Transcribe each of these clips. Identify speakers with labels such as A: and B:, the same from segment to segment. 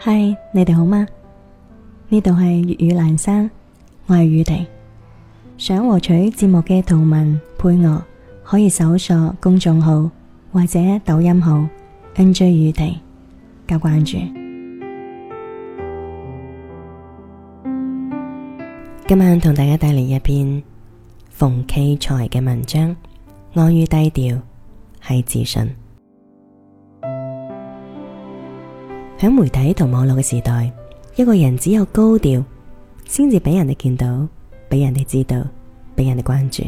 A: 嗨，Hi，你哋好嗎？呢度係粵語蘭山，我係宇婷。想獲取節目嘅圖文配樂，可以搜索公眾號或者抖音號 NJ 宇婷。加關注。今晚同大家帶嚟一篇馮驥才嘅文章，安於低調係自信。喺媒體同網絡嘅時代，一個人只有高調，先至俾人哋見到，俾人哋知道，俾人哋關注。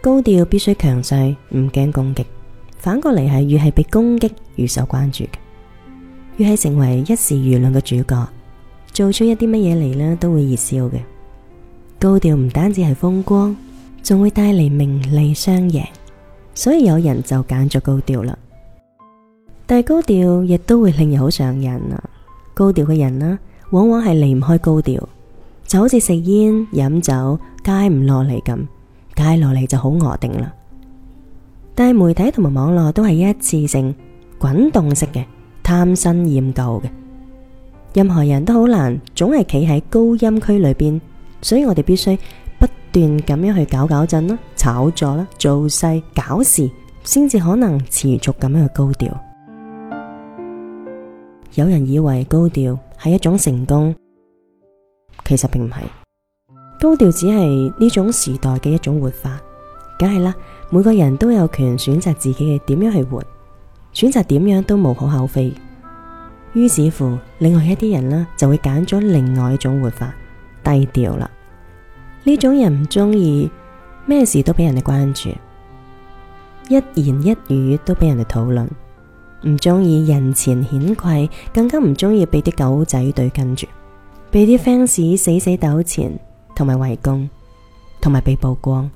A: 高調必須強勢，唔驚攻擊。反過嚟係越係被攻擊，越受關注嘅，越係成為一時輿論嘅主角。做出一啲乜嘢嚟呢，都會熱銷嘅。高調唔單止係風光，仲會帶嚟名利雙贏。所以有人就揀咗高調啦。但係高調亦都會令人好上癮啊。高調嘅人啦、啊，往往係離唔開高調，就好似食煙、飲酒戒唔落嚟咁，戒落嚟就好惡頂啦。但係媒體同埋網絡都係一次性滾動式嘅，貪新厭舊嘅，任何人都好難，總係企喺高音區裏邊，所以我哋必須不斷咁樣去搞搞震啦，炒作啦，造勢搞事，先至可能持續咁樣去高調。有人以為高調係一種成功，其實並唔係。高調只係呢種時代嘅一種活法，梗係啦。每個人都有權選擇自己嘅點樣去活，選擇點樣都無可厚非。於是乎，另外一啲人呢，就會揀咗另外一種活法，低調啦。呢種人唔中意咩事都俾人哋關注，一言一語都俾人哋討論。唔中意人前顯貴，更加唔中意俾啲狗仔隊跟住，俾啲 fans 死死糾纏，同埋圍攻，同埋被曝光。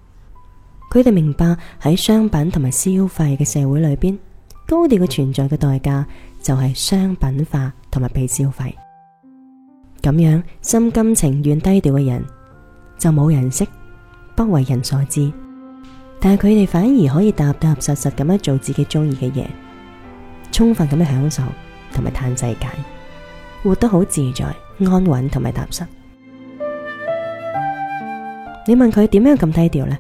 A: 佢哋明白喺商品同埋消費嘅社會裏邊，高調嘅存在嘅代價就係商品化同埋被消費。咁樣心甘情願低調嘅人就冇人識，不為人所知，但係佢哋反而可以踏踏實實咁樣做自己中意嘅嘢。充分咁樣享受同埋嘆世界，活得好自在、安穩同埋踏實。你問佢點樣咁低調呢？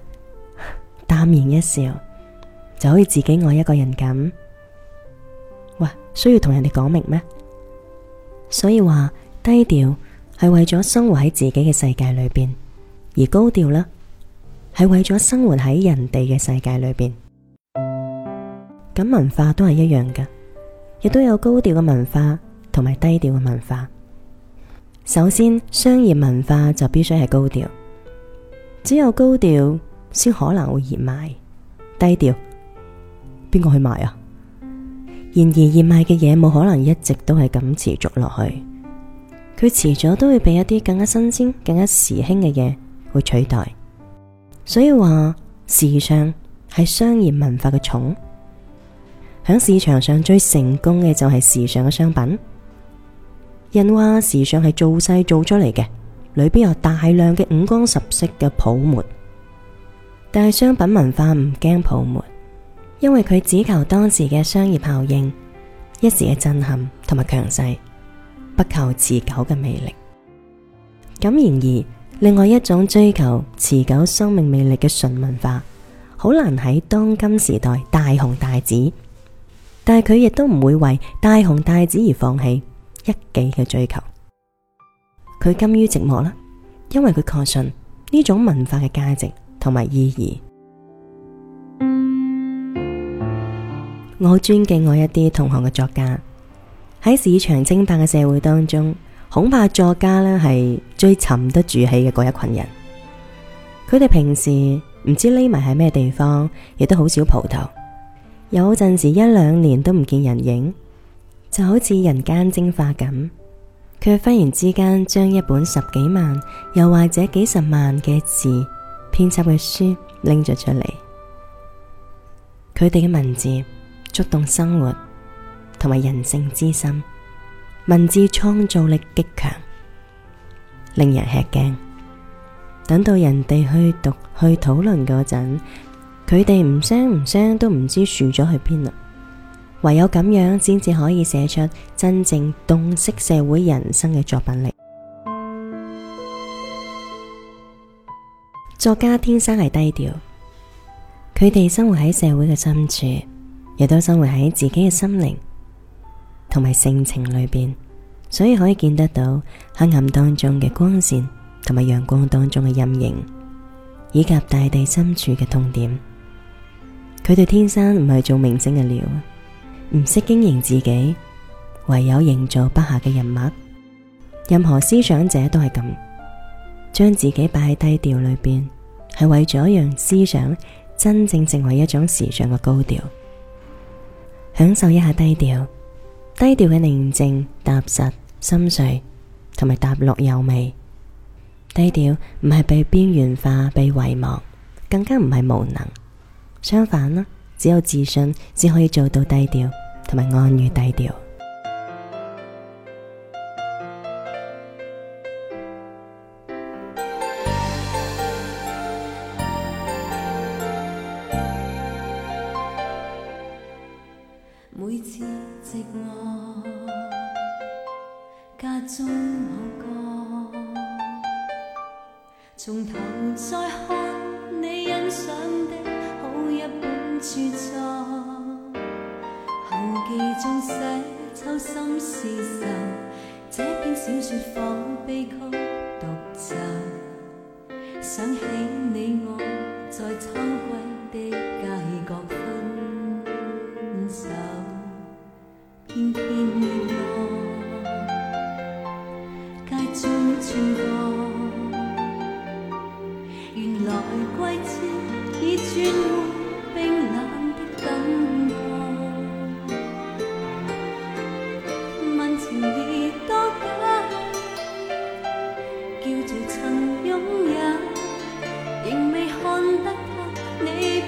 A: 淡然一笑，就好似自己愛一個人咁。哇，需要同人哋講明咩？所以話，低調係為咗生活喺自己嘅世界裏邊，而高調啦係為咗生活喺人哋嘅世界裏邊。咁文化都係一樣噶。亦都有高調嘅文化同埋低調嘅文化。首先，商業文化就必須係高調，只有高調先可能會熱賣。低調，邊個去賣啊？然而，熱賣嘅嘢冇可能一直都係咁持續落去，佢遲早都會俾一啲更加新鮮、更加時興嘅嘢會取代。所以話，時尚係商業文化嘅寵。喺市場上最成功嘅就係時尚嘅商品。人話時尚係造勢造出嚟嘅，裏邊有大量嘅五光十色嘅泡沫。但係商品文化唔驚泡沫，因為佢只求當時嘅商業效應，一時嘅震撼同埋強勢，不求持久嘅魅力。咁然而，另外一種追求持久生命魅力嘅純文化，好難喺當今時代大紅大紫。但係佢亦都唔會為大紅大紫而放棄一己嘅追求，佢甘於寂寞啦，因為佢確信呢種文化嘅價值同埋意義。 我好尊敬我一啲同行嘅作家，喺市場稱霸嘅社會當中，恐怕作家呢係最沉得住氣嘅嗰一群人。佢哋平時唔知匿埋喺咩地方，亦都好少蒲頭。有陣時一兩年都唔見人影，就好似人間蒸發咁，佢忽然之間將一本十幾萬又或者幾十萬嘅字編輯嘅書拎咗出嚟。佢哋嘅文字觸動生活同埋人性之心，文字創造力極強，令人吃驚。等到人哋去讀去討論嗰陣。佢哋唔聲唔聲都唔知樹咗去邊啦，唯有咁樣先至可以寫出真正洞悉社會人生嘅作品嚟。作家天生係低調，佢哋生活喺社會嘅深處，亦都生活喺自己嘅心靈同埋性情裏邊，所以可以見得到黑暗當中嘅光線，同埋陽光當中嘅陰影，以及大地深處嘅痛點。佢哋天生唔係做明星嘅料，唔識經營自己，唯有營造筆下嘅人物。任何思想者都係咁，將自己擺喺低調裏邊，係為咗讓思想真正成為一種時尚嘅高調，享受一下低調。低調嘅寧靜、踏實、心碎，同埋踏落有味。低調唔係被邊緣化、被遺忘，更加唔係無能。相反啦，只有自信先可以做到低調，同埋安於低調。 每
B: 次寂寞家中某角，從頭再看你欣賞的。一本絕作，後記中寫秋心事，愁，這篇小説仿悲曲獨奏。想起你我，在秋季的街角分手，偏偏月落街中穿梭。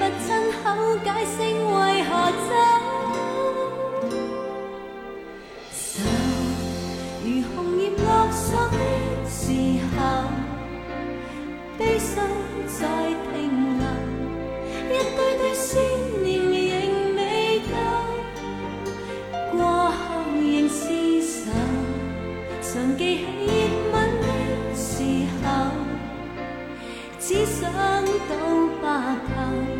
B: 不親口解釋為何走，愁如紅葉落水時候，悲傷在停留，一堆堆思念仍未夠，過後仍是愁，常記起熱吻的時候，只想到白頭。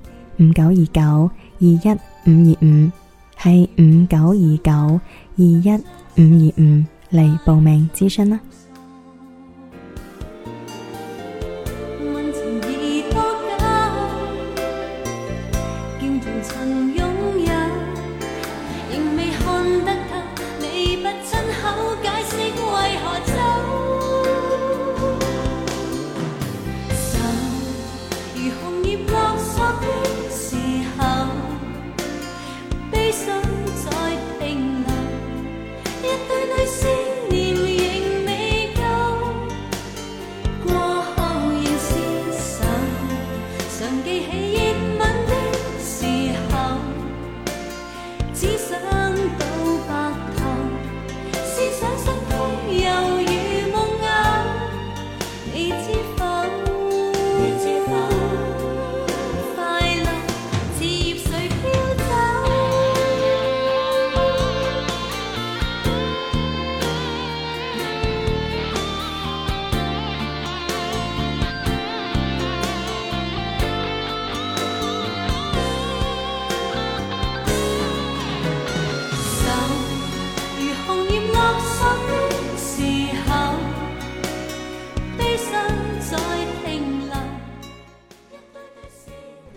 A: 五九二九二一五二五係五九二九二一五二五嚟報名諮詢啦。